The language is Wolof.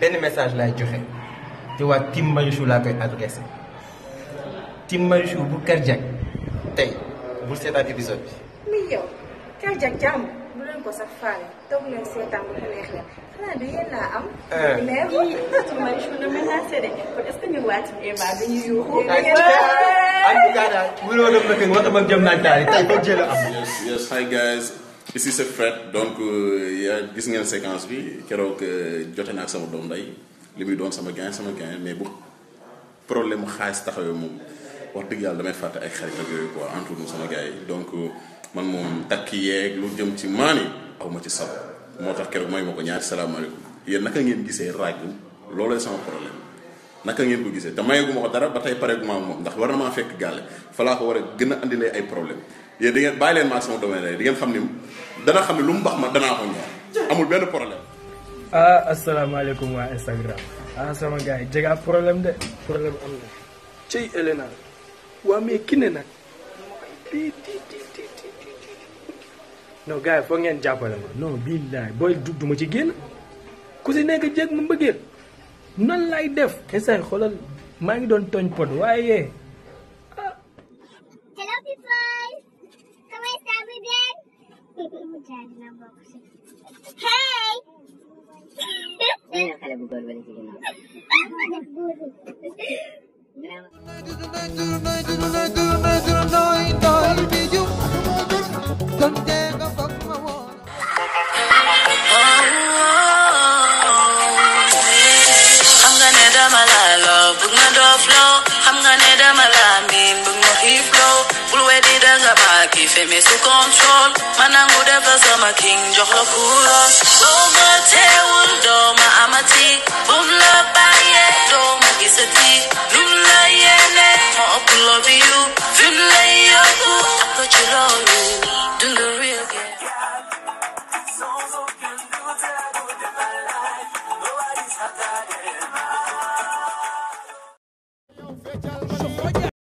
benn message lay joxe te waa Team Marichou laa koy adressé Team Marichou bu Kër Diack bul seetaan épisode bi. muy yow Kër Diack jàmm bu ko sax faale toog leen seetaan bu neex leen xanaa du yéen laa am. Euh. mais oui Team na menacé de kon est ce que ñu wàcc Eva bi ñu yuuxu. Yes, hi ici c'est Fred donc euh, yaa gis ngeen séquence bi keroog euh, jote naa ak sama doom nday li muy doon sama gain sama gain mais bu problème mu xaalis taxawee moom wax dëgg yàlla damay fàtte ay xarit ak yooyu quoi entre nous sama gars donc euh, man moom takk yeeg lu jëm ci maani aw ma ci sab moo tax keroog may ma ko ñaari salaamaaleykum yéen naka ngeen gisee rajo looloo sama problème. naka ngeen ko gisee te mayeguma ko dara ba tey pareguma moom ndax war na maa fekk gàlle falaa ko war a gën a andilee ay problème yéen di ngeen bàyyi leen maa sama domaine di dana xam ne lu mu mbax ma danaa ko ñor amul benn problème ah asalaamaaleykum waa Instagram ah sama gars yi jega problème de problème am na cey Elena waa mais ki ne nag bii tii ti ngeen jàppale ma non billaay booy du duma ci génn ku si nekk jéeg mu mbëggeel nan lay def instant xoolal maa ngi doon tooñ pod waaye. Ah. hello xiifloo xam nga ne dama la miin bëgg ma xiifloo bul weddi danga maa kiife mais su contrôle ma nangu dafa sama king jox la boo ma teewul doo amati bum la bàyyee doo ma gisati lum la yéene ma ëpp love